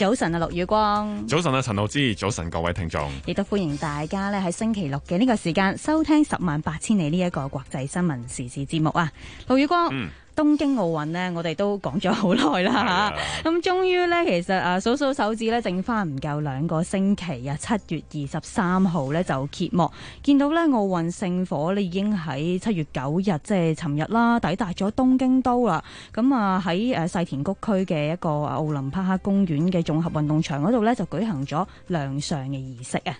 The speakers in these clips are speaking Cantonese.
早晨啊，陸宇光！早晨啊，陳浩之！早晨各位聽眾，亦都歡迎大家咧喺星期六嘅呢個時間收聽《十萬八千里》呢一個國際新聞時事節目啊！陸宇光。嗯東京奧運呢，我哋都講咗好耐啦，咁、啊、終於呢，其實啊，數數手指呢，剩返唔夠兩個星期啊，七月二十三號呢，就揭幕，見到呢奧運聖火呢已經喺七月九日，即係尋日啦，抵達咗東京都啦，咁啊喺誒世田谷區嘅一個奧林匹克公園嘅綜合運動場嗰度呢，就舉行咗亮相嘅儀式啊！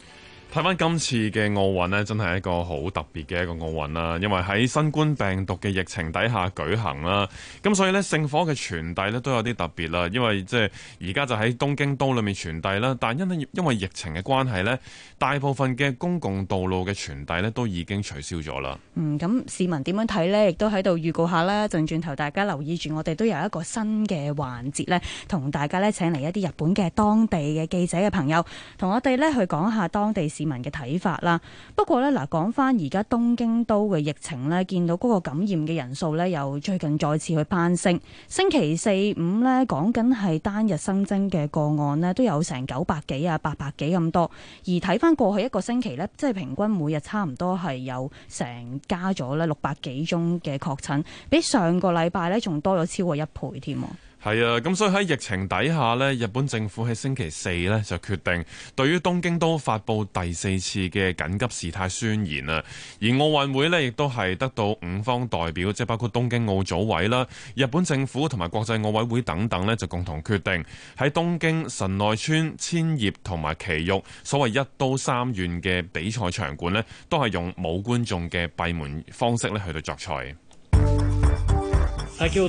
睇翻今次嘅奧運呢，真係一個好特別嘅一個奧運啦，因為喺新冠病毒嘅疫情底下舉行啦，咁所以呢，聖火嘅傳遞呢都有啲特別啦，因為即係而家就喺東京都裏面傳遞啦，但因因為疫情嘅關係呢，大部分嘅公共道路嘅傳遞呢都已經取消咗啦。嗯，咁市民點樣睇呢？亦都喺度預告下啦。就轉頭大家留意住，我哋都有一個新嘅環節呢，同大家呢請嚟一啲日本嘅當地嘅記者嘅朋友，同我哋呢去講一下當地。市民嘅睇法啦。不過呢，嗱講翻而家東京都嘅疫情呢見到嗰個感染嘅人數呢，又最近再次去攀升。星期四五呢，講緊係單日新增嘅個案呢，都有成九百幾啊，八百幾咁多。而睇翻過去一個星期呢，即係平均每日差唔多係有成加咗六百幾宗嘅確診，比上個禮拜呢，仲多咗超過一倍添。係啊，咁所以喺疫情底下呢，日本政府喺星期四呢就決定，對於東京都發布第四次嘅緊急事態宣言啊，而奧運會呢亦都係得到五方代表，即係包括東京奧組委啦、日本政府同埋國際奧委會等等呢，就共同決定喺東京神奈川千葉同埋埼玉所謂一都三縣嘅比賽場館呢，都係用冇觀眾嘅閉門方式呢去到作賽。大家好，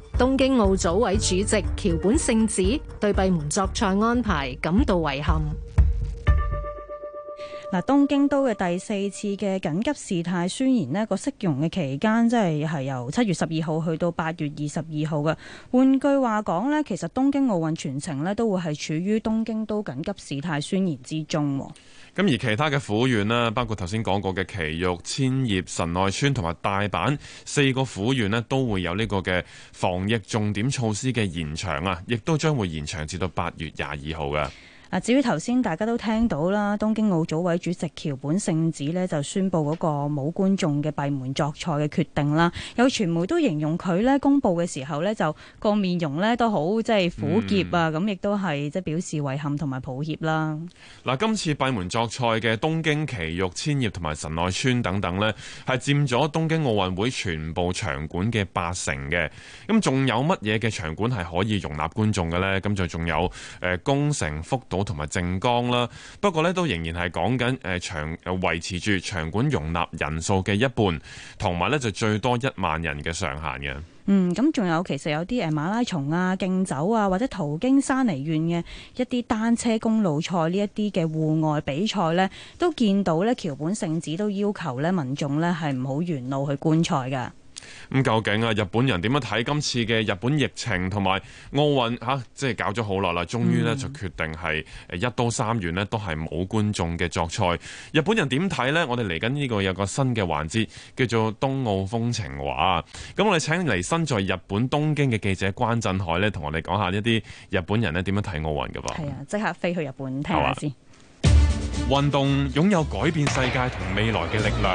東京奧組委主席橋本聖子對閉門作賽安排感到遺憾。嗱，東京都嘅第四次嘅緊急事態宣言，呢個適用嘅期間即係係由七月十二號去到八月二十二號嘅。換句話講呢，其實東京奧運全程咧都會係處於東京都緊急事態宣言之中。咁而其他嘅府縣，啦，包括頭先講過嘅埼玉、千葉、神奈川同埋大阪四個府縣呢都會有呢個嘅防疫重點措施嘅延長啊，亦都將會延長至到八月廿二號嘅。嗱，至於頭先大家都聽到啦，東京奧組委主席橋本聖子呢就宣布嗰個冇觀眾嘅閉門作賽嘅決定啦。有傳媒都形容佢呢，公佈嘅時候呢就個面容呢都好即係苦澀啊，咁、嗯、亦都係即表示遺憾同埋抱歉啦。嗱、嗯，今次閉門作賽嘅東京、埼玉、千葉同埋神奈川等等呢，係佔咗東京奧運會全部場館嘅八成嘅。咁仲有乜嘢嘅場館係可以容納觀眾嘅呢？咁就仲有誒宮城、福島。同埋靜岡啦，不過呢都仍然係講緊誒長誒維持住場館容納人數嘅一半，同埋呢就最多一萬人嘅上限嘅。嗯，咁仲有其實有啲誒馬拉松啊、競走啊，或者途經山梨縣嘅一啲單車公路賽呢一啲嘅戶外比賽呢，都見到呢橋本聖子都要求民眾呢民眾呢係唔好沿路去觀賽嘅。咁究竟啊，日本人點樣睇今次嘅日本疫情同埋奧運吓？即係搞咗好耐啦，終於呢就決定係一刀三元呢都係冇觀眾嘅作賽。日本人點睇呢？我哋嚟緊呢個有個新嘅環節，叫做東奧風情畫。咁我哋請嚟身在日本東京嘅記者關震海呢，同我哋講下一啲日本人咧點樣睇奧運㗎噃。係啊，即刻飛去日本聽下先。看看運動擁有改變世界同未來嘅力量。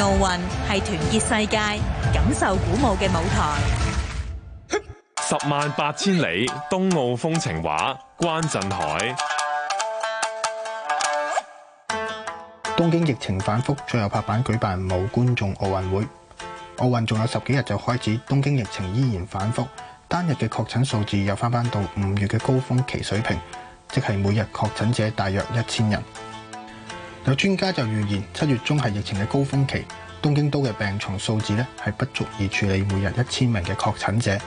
奧運係團結世界、感受鼓舞嘅舞台。十萬八千里東奧風情畫，關震海。東京疫情反複，最後拍板舉辦冇觀眾奧運會。奧運仲有十幾日就開始，東京疫情依然反複，單日嘅確診數字又返返到五月嘅高峰期水平，即係每日確診者大約一千人。有專家就預言，七月中係疫情嘅高峰期。東京都嘅病床數字咧係不足以處理每日一千名嘅確診者。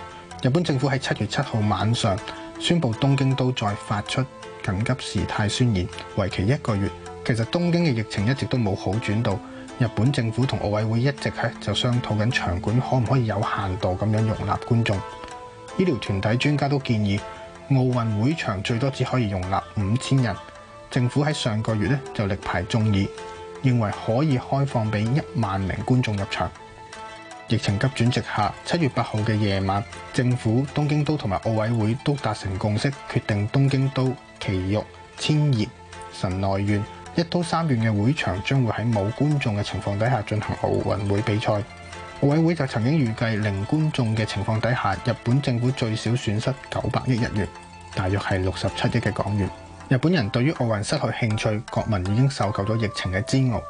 日本政府喺七月七號晚上宣布，東京都再發出緊急事態宣言，為期一個月。其實東京嘅疫情一直都冇好轉到。日本政府同奧委會一直咧就商討緊場館可唔可以有限度咁樣容納觀眾。醫療團體專家都建議，奧運會場最多只可以容納五千人。政府喺上個月咧就力排眾議，認為可以開放俾一萬名觀眾入場。疫情急轉直下，七月八號嘅夜晚，政府、東京都同埋奧委會都達成共識，決定東京都、埼玉、千葉、神奈川一都三縣嘅會場將會喺冇觀眾嘅情況底下進行奧運會比賽。奧委會就曾經預計零觀眾嘅情況底下，日本政府最少損失九百億日元，大約係六十七億嘅港元。日本人對於奧運失去興趣，國民已經受夠咗疫情嘅煎熬。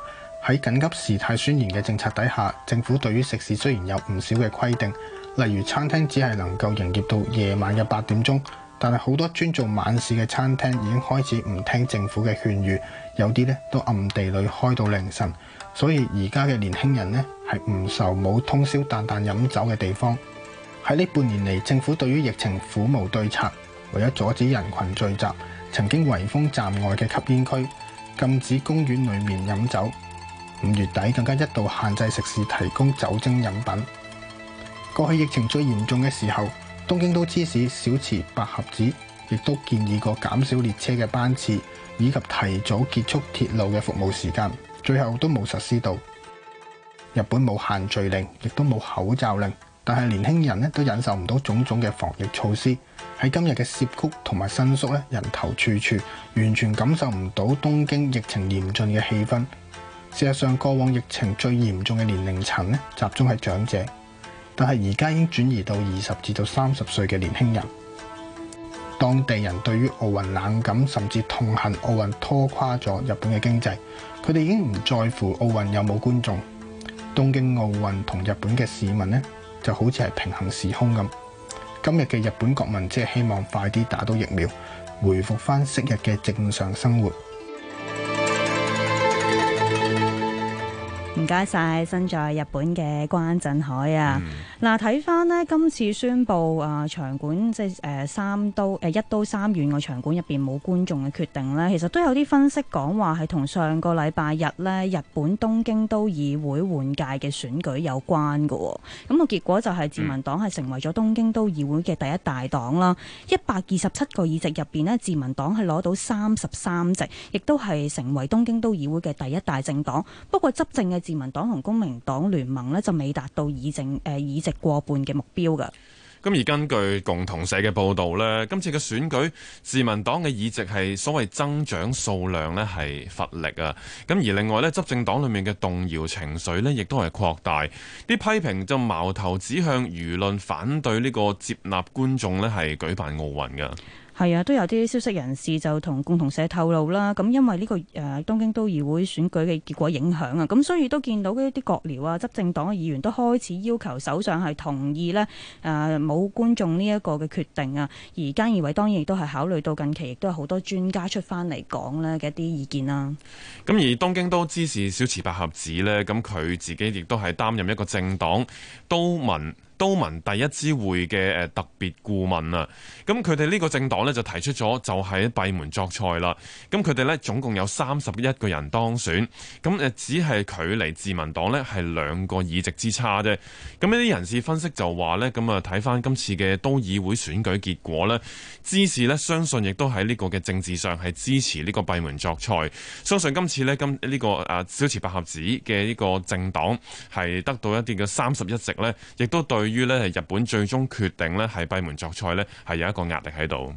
喺緊急事態宣言嘅政策底下，政府對於食肆雖然有唔少嘅規定，例如餐廳只係能夠營業到夜晚嘅八點鐘，但係好多專做晚市嘅餐廳已經開始唔聽政府嘅勸喻，有啲咧都暗地裏開到凌晨。所以而家嘅年輕人咧係唔愁冇通宵淡淡飲酒嘅地方。喺呢半年嚟，政府對於疫情苦無對策，為咗阻止人群聚集，曾經圍封站外嘅吸煙區禁止公園裏面飲酒，五月底更加一度限制食肆提供酒精飲品。過去疫情最嚴重嘅時候，東京都知事小池百合子亦都建議過減少列車嘅班次以及提早結束鐵路嘅服務時間，最後都冇實施到。日本冇限聚令，亦都冇口罩令。但係年輕人咧都忍受唔到種種嘅防疫措施喺今日嘅澀谷同埋新宿咧，人頭處處，完全感受唔到東京疫情嚴峻嘅氣氛。事實上，過往疫情最嚴重嘅年齡層咧，集中喺長者，但係而家已經轉移到二十至到三十歲嘅年輕人。當地人對於奧運冷感，甚至痛恨奧運拖垮咗日本嘅經濟。佢哋已經唔在乎奧運有冇觀眾。東京奧運同日本嘅市民咧。就好似係平衡時空咁。今日嘅日本國民即係希望快啲打到疫苗，回復返昔日嘅正常生活。唔該晒，身在日本嘅關震海啊。嗱，睇翻咧今次宣布啊，場館即係誒、呃、三都誒、呃、一都三縣個場館入邊冇觀眾嘅決定咧，其實都有啲分析講話係同上個禮拜日咧日本東京都議會換屆嘅選舉有關噶、哦。咁、那個結果就係自民黨係成為咗東京都議會嘅第一大黨啦，一百二十七個議席入邊咧，自民黨係攞到三十三席，亦都係成為東京都議會嘅第一大政黨，不過執政嘅自民黨同公明黨聯盟咧就未達到議政誒議席。呃議席過半嘅目標噶。咁而根據共同社嘅報導呢，今次嘅選舉，自民黨嘅議席係所謂增長數量呢係乏力啊。咁而另外呢執政黨裏面嘅動搖情緒呢，亦都係擴大。啲批評就矛頭指向輿論反對呢個接納觀眾呢係舉辦奧運噶。係啊，都有啲消息人士就同共同社透露啦。咁因為呢個誒東京都議會選舉嘅結果影響啊，咁所以都見到一啲國僚啊、執政黨嘅議員都開始要求首相係同意咧誒冇觀眾呢一個嘅決定啊。而菅義偉當然亦都係考慮到近期亦都有好多專家出翻嚟講咧嘅一啲意見啦。咁而東京都知事小池百合子咧，咁佢自己亦都係擔任一個政黨都民。都民第一支會嘅誒特別顧問啊，咁佢哋呢個政黨呢就提出咗就喺閉門作賽啦，咁佢哋呢總共有三十一個人當選，咁誒只係距離自民黨呢係兩個議席之差啫，咁呢啲人士分析就話呢，咁啊睇翻今次嘅都議會選舉結果呢，支持呢相信亦都喺呢個嘅政治上係支持呢個閉門作賽，相信今次呢，今、這、呢個誒、啊、小池百合子嘅呢個政黨係得到一啲嘅三十一席呢，亦都對。對於咧，日本最終決定咧，係閉門作賽咧，係有一個壓力喺度。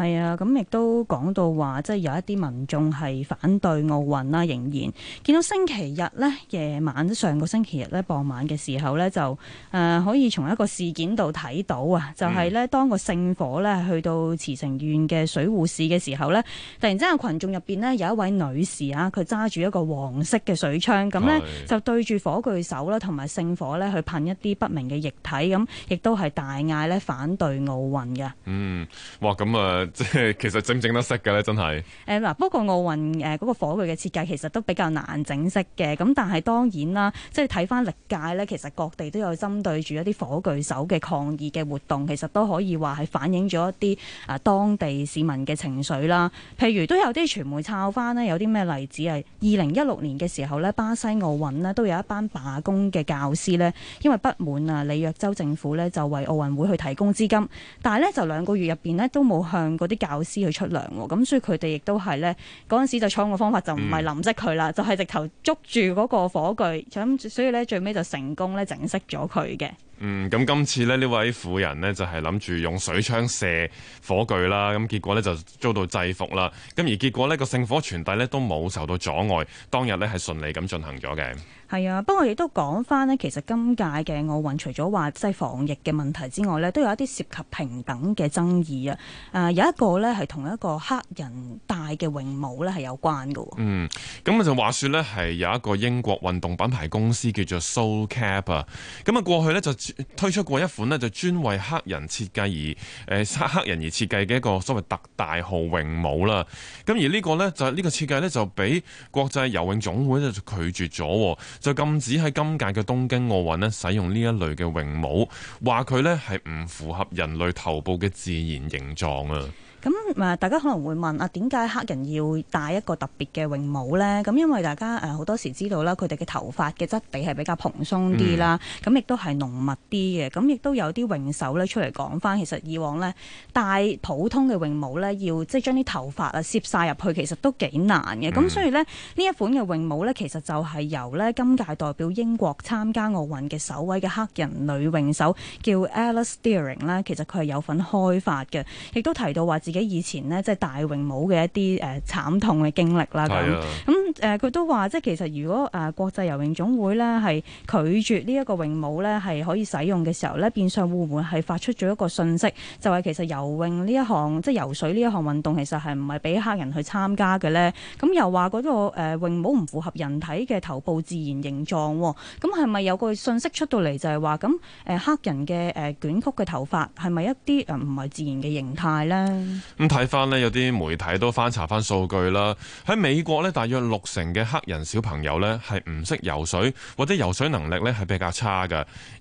係啊，咁亦都講到話，即係有一啲民眾係反對奧運啦，仍然見到星期日呢，夜晚，上個星期日呢，傍晚嘅時候呢，就誒、呃、可以從一個事件度睇到啊，就係呢，當個聖火呢去到茨城縣嘅水戶市嘅時候呢，突然之間群眾入邊呢有一位女士啊，佢揸住一個黃色嘅水槍，咁呢就對住火炬手啦，同埋聖火呢去噴一啲不明嘅液體，咁亦都係大嗌呢，反對奧運嘅。嗯，哇，咁啊！即 係其實整唔整得識嘅咧，真係。誒、哎、嗱，不過奧運誒嗰、呃那個火炬嘅設計其實都比較難整識嘅。咁但係當然啦，即係睇翻歷屆呢，其實各地都有針對住一啲火炬手嘅抗議嘅活動，其實都可以話係反映咗一啲啊、呃、當地市民嘅情緒啦。譬如都有啲傳媒抄翻呢，有啲咩例子啊？二零一六年嘅時候呢，巴西奧運呢都有一班罷工嘅教師呢，因為不滿啊，里約州政府呢就為奧運會去提供資金，但係呢，就兩個月入邊呢都冇向，嗰啲教師去出糧，咁所以佢哋亦都係咧嗰陣時就採用嘅方法就唔係淋熄佢啦，嗯、就係直頭捉住嗰個火炬，咁所以咧最尾就成功咧整熄咗佢嘅。嗯，咁今次咧呢位婦人咧就係諗住用水槍射火炬啦，咁結果咧就遭到制服啦。咁而結果咧個聖火傳遞咧都冇受到阻礙，當日咧係順利咁進行咗嘅。係啊，不過亦都講翻咧，其實今屆嘅奧運除咗話即係防疫嘅問題之外咧，都有一啲涉及平等嘅爭議啊。誒，有一個咧係同一個黑人戴嘅泳帽咧係有關嘅。嗯，咁就話說咧係有一個英國運動品牌公司叫做 Soul Cap 啊，咁啊過去咧就。推出過一款咧，就專為黑人設計而誒黑人而設計嘅一個所謂特大號泳帽啦。咁而呢個呢、呢個咧就係呢個設計咧，就俾國際游泳總會咧拒絕咗，就禁止喺今屆嘅東京奧運咧使用呢一類嘅泳帽，話佢咧係唔符合人類頭部嘅自然形狀啊。咁誒，大家可能會問啊，點解黑人要戴一個特別嘅泳帽呢？咁因為大家誒好多時知道啦，佢哋嘅頭髮嘅質地係比較蓬鬆啲啦，咁亦都係濃密啲嘅，咁亦都有啲泳手咧出嚟講翻，其實以往呢，戴普通嘅泳帽呢，要即係將啲頭髮啊攝晒入去，其實都幾難嘅。咁、嗯、所以呢，呢一款嘅泳帽呢，其實就係由呢今屆代表英國參加奧運嘅首位嘅黑人女泳手叫 Alice Dearing 咧，其實佢係有份開發嘅，亦都提到話自己以前呢，即、就、係、是、大泳帽嘅一啲誒、呃、慘痛嘅經歷啦。咁咁誒，佢、嗯呃呃呃、都話，即係其實如果誒、呃、國際游泳總會咧係拒絕呢一個泳帽咧係可以使用嘅時候咧，變相會唔會係發出咗一個信息，就係其實游泳呢一項，即係游水呢一項運動，其實係唔係俾黑人去參加嘅咧？咁、嗯、又話嗰、那個、呃、泳帽唔符合人體嘅頭部自然形狀，哦，咁係咪有個信息出到嚟就係話，咁誒、呃、黑人嘅誒、呃、捲曲嘅頭髮，係咪一啲誒唔係自然嘅形態咧？咁睇翻呢，有啲媒體都翻查翻數據啦。喺美國呢，大約六成嘅黑人小朋友呢係唔識游水或者游水能力呢係比較差嘅。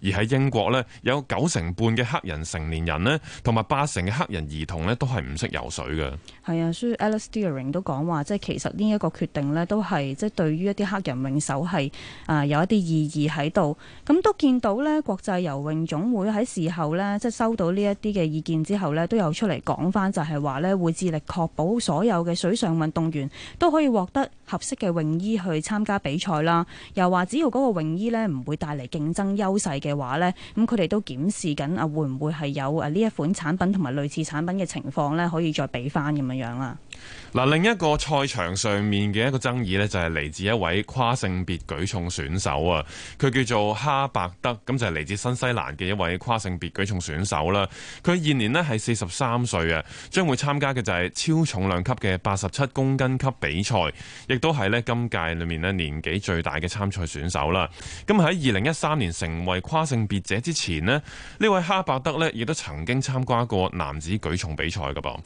而喺英國呢，有九成半嘅黑人成年人呢，同埋八成嘅黑人兒童呢，都係唔識游水嘅。係啊，所以 Alice Dearing 都講話，即係其實呢一個決定呢，都係即係對於一啲黑人泳手係啊有一啲意義喺度。咁都見到呢，國際游泳總會喺事後呢，即係收到呢一啲嘅意見之後呢，都有出嚟講翻就係、是。係話咧，會致力確保所有嘅水上運動員都可以獲得合適嘅泳衣去參加比賽啦。又話只要嗰個泳衣咧唔會帶嚟競爭優勢嘅話呢，咁佢哋都檢視緊啊會唔會係有誒呢一款產品同埋類似產品嘅情況呢可以再俾翻咁樣樣啦。嗱，另一個賽場上面嘅一個爭議呢，就係嚟自一位跨性別舉重選手啊，佢叫做哈伯德，咁就係嚟自新西蘭嘅一位跨性別舉重選手啦。佢現年咧係四十三歲啊。將會參加嘅就係超重量級嘅八十七公斤級比賽，亦都係呢今屆裏面呢年紀最大嘅參賽選手啦。咁喺二零一三年成為跨性別者之前呢，呢位哈伯德呢亦都曾經參加過男子舉重比賽㗎噃。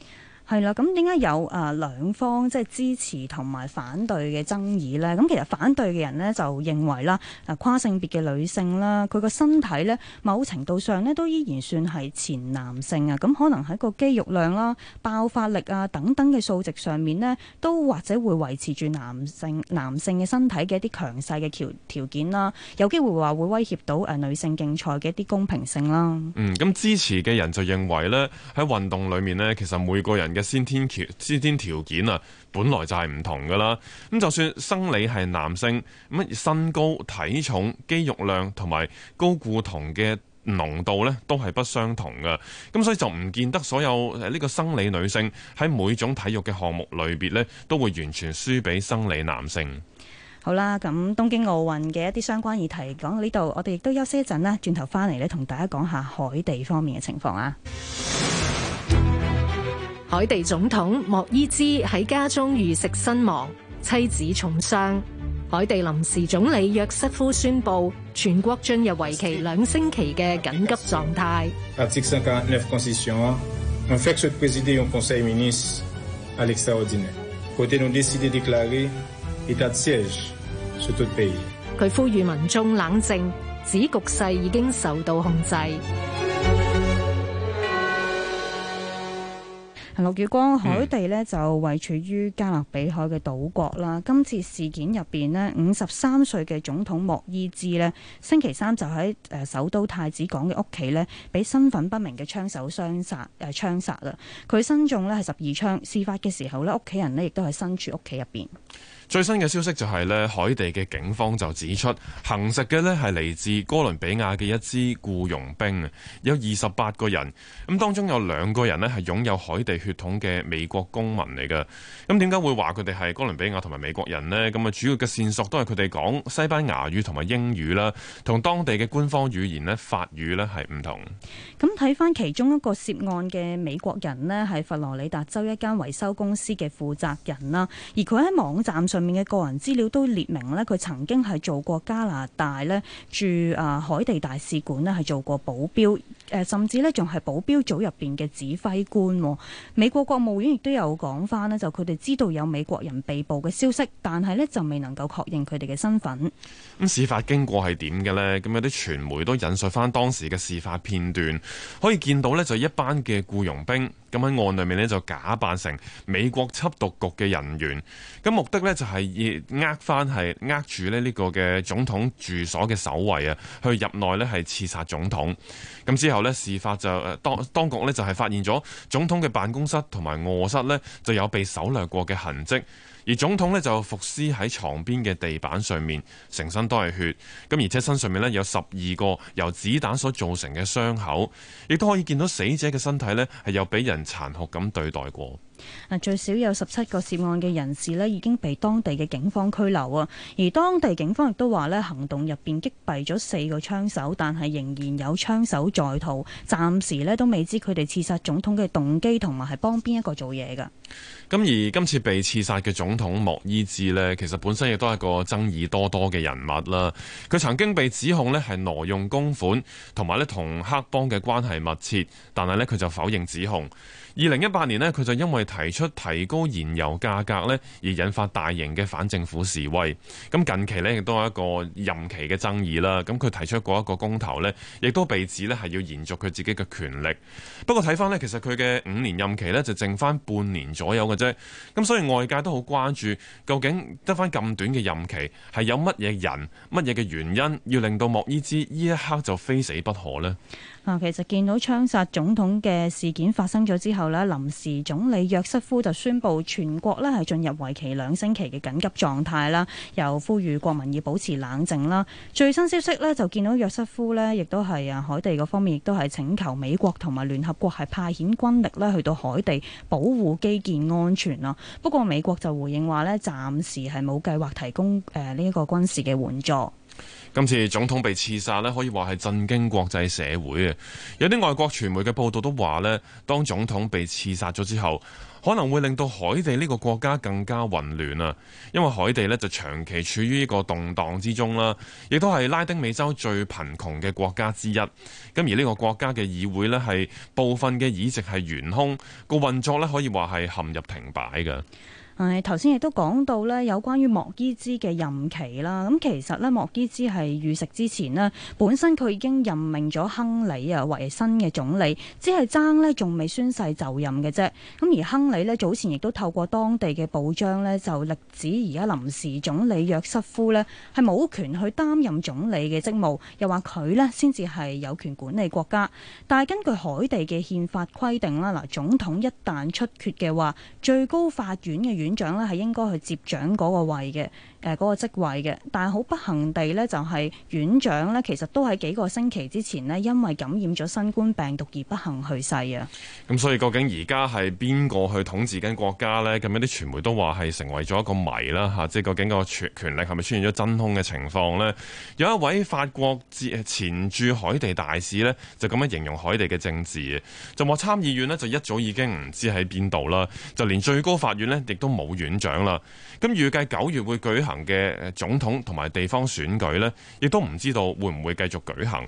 係啦，咁點解有誒、啊、兩方即係支持同埋反對嘅爭議呢？咁其實反對嘅人呢，就認為啦，誒跨性別嘅女性啦，佢個身體呢，某程度上呢都依然算係前男性啊，咁可能喺個肌肉量啦、爆發力啊等等嘅數值上面呢，都或者會維持住男性男性嘅身體嘅一啲強勢嘅條條件啦，有機會話會威脅到誒、呃、女性競賽嘅一啲公平性啦。嗯，咁支持嘅人就認為呢，喺運動裏面呢，其實每個人嘅先天條先天條件啊，本來就係唔同噶啦。咁就算生理係男性，咁身高、體重、肌肉量同埋高固酮嘅濃度呢，都係不相同噶。咁所以就唔見得所有呢個生理女性喺每種體育嘅項目類別呢，都會完全輸俾生理男性好了。好啦，咁東京奧運嘅一啲相關議題講到呢度，我哋亦都休息一陣啦，轉頭翻嚟呢，同大家講下海地方面嘅情況啊。海地總統莫伊茲喺家中遇刺身亡，妻子重傷。海地臨時總理約瑟夫宣布全國進入為期兩星期嘅緊急狀態。佢呼籲民眾冷靜，指局勢已經受到控制。陸月光，海地呢就位處於加勒比海嘅島國啦，嗯。今次事件入邊呢，五十三歲嘅總統莫伊茲呢星期三就喺誒首都太子港嘅屋企呢，俾身份不明嘅槍手槍殺誒槍殺啦。佢身中呢係十二槍，事發嘅時候呢，屋企人呢亦都係身處屋企入邊。最新嘅消息就係呢，海地嘅警方就指出，行刺嘅呢係嚟自哥倫比亞嘅一支僱傭兵，有二十八個人，咁當中有兩個人呢係擁有海地血統嘅美國公民嚟㗎。咁點解會話佢哋係哥倫比亞同埋美國人呢？咁啊，主要嘅線索都係佢哋講西班牙語同埋英語啦，同當地嘅官方語言呢法語呢係唔同。咁睇翻其中一個涉案嘅美國人呢，係佛羅里達州一間維修公司嘅負責人啦，而佢喺網站上面嘅個人資料都列明呢，佢曾經係做過加拿大呢駐海地大使館呢係做過保鏢，誒甚至呢仲係保鏢組入邊嘅指揮官。美國國務院亦都有講翻呢，就佢哋知道有美國人被捕嘅消息，但係呢就未能夠確認佢哋嘅身份。咁事發經過係點嘅呢？咁有啲傳媒都引述翻當時嘅事發片段，可以見到呢就一班嘅僱傭兵。咁喺案裏面呢，就假扮成美國緝毒局嘅人員，咁目的呢，就係呃翻係呃住呢個嘅總統住所嘅守衛啊，去入內呢，係刺殺總統。咁之後呢，事發就當當局呢，就係、是、發現咗總統嘅辦公室同埋卧室呢，就有被搜掠過嘅痕跡。而總統呢就伏屍喺床邊嘅地板上面，成身都係血，咁而且身上面呢有十二個由子彈所造成嘅傷口，亦都可以見到死者嘅身體咧係有俾人殘酷咁對待過。最少有十七個涉案嘅人士呢，已經被當地嘅警方拘留啊。而當地警方亦都話呢，行動入邊擊斃咗四個槍手，但係仍然有槍手在逃。暫時呢都未知佢哋刺殺總統嘅動機同埋係幫邊一個做嘢㗎。咁而今次被刺殺嘅總統莫伊茲呢，其實本身亦都係一個爭議多多嘅人物啦。佢曾經被指控呢係挪用公款，同埋呢同黑幫嘅關係密切，但係呢佢就否認指控。二零一八年呢，佢就因為提出提高燃油價格呢，而引發大型嘅反政府示威。咁近期呢，亦都有一個任期嘅爭議啦。咁佢提出過一個公投呢，亦都被指呢係要延續佢自己嘅權力。不過睇翻呢，其實佢嘅五年任期呢，就剩翻半年左右嘅啫。咁所以外界都好關注，究竟得翻咁短嘅任期係有乜嘢人、乜嘢嘅原因，要令到莫伊茲呢一刻就非死不可呢？啊，其實見到槍殺總統嘅事件發生咗之後咧，臨時總理約瑟夫就宣布全國咧係進入為期兩星期嘅緊急狀態啦，又呼籲國民要保持冷靜啦。最新消息咧就見到約瑟夫咧，亦都係啊海地嗰方面亦都係請求美國同埋聯合國係派遣軍力咧去到海地保護基建安全啦。不過美國就回應話咧，暫時係冇計劃提供誒呢一個軍事嘅援助。今次總統被刺殺咧，可以話係震驚國際社會嘅。有啲外國傳媒嘅報道都話咧，當總統被刺殺咗之後，可能會令到海地呢個國家更加混亂啊。因為海地咧就長期處於一個動盪之中啦，亦都係拉丁美洲最貧窮嘅國家之一。咁而呢個國家嘅議會咧係部分嘅議席係懸空，個運作咧可以話係陷入停擺嘅。誒頭先亦都講到呢，有關於莫伊茲嘅任期啦。咁其實呢，莫伊茲係遇刺之前呢，本身佢已經任命咗亨利啊為新嘅總理，只係爭呢仲未宣誓就任嘅啫。咁而亨利呢，早前亦都透過當地嘅報章呢，就力指而家臨時總理約瑟夫呢係冇權去擔任總理嘅職務，又話佢呢先至係有權管理國家。但係根據海地嘅憲法規定啦，嗱，總統一旦出缺嘅話，最高法院嘅院長咧，係應該去接掌嗰個位嘅。誒、那、嗰個職位嘅，但係好不幸地呢，就係院長呢，其實都喺幾個星期之前呢，因為感染咗新冠病毒而不幸去世啊。咁所以究竟而家係邊個去統治緊國家呢？咁樣啲傳媒都話係成為咗一個謎啦嚇，即係究竟個權力係咪出現咗真空嘅情況呢？有一位法國前駐海地大使呢，就咁樣形容海地嘅政治，就話參議院呢，就一早已經唔知喺邊度啦，就連最高法院呢，亦都冇院長啦。咁預計九月會舉行。嘅總統同埋地方選舉呢，亦都唔知道會唔會繼續舉行。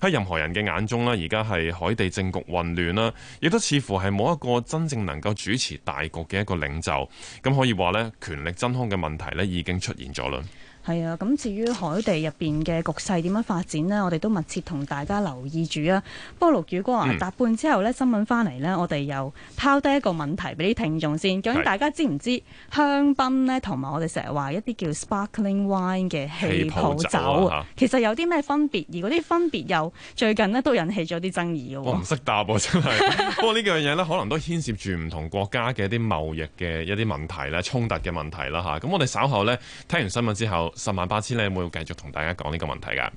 喺任何人嘅眼中呢，而家係海地政局混亂啦，亦都似乎係冇一個真正能夠主持大局嘅一個領袖。咁可以話呢，權力真空嘅問題呢已經出現咗啦。係啊，咁至於海地入邊嘅局勢點樣發展呢？我哋都密切同大家留意住啊。不過陸宇哥啊、嗯，答半之後呢新聞翻嚟呢，我哋又拋低一個問題俾啲聽眾先。究竟大家知唔知香檳呢？同埋我哋成日話一啲叫 sparkling wine 嘅氣泡酒，氣泡酒、啊、其實有啲咩分別？而嗰啲分別又最近呢都引起咗啲爭議喎、啊。我唔識答喎、啊，真係。 不過呢樣嘢呢，可能都牽涉住唔同國家嘅一啲貿易嘅一啲問題咧，衝 突嘅問題啦吓，咁我哋稍後呢，聽完新聞之後。十萬八千里，你會繼續同大家講呢個問題㗎？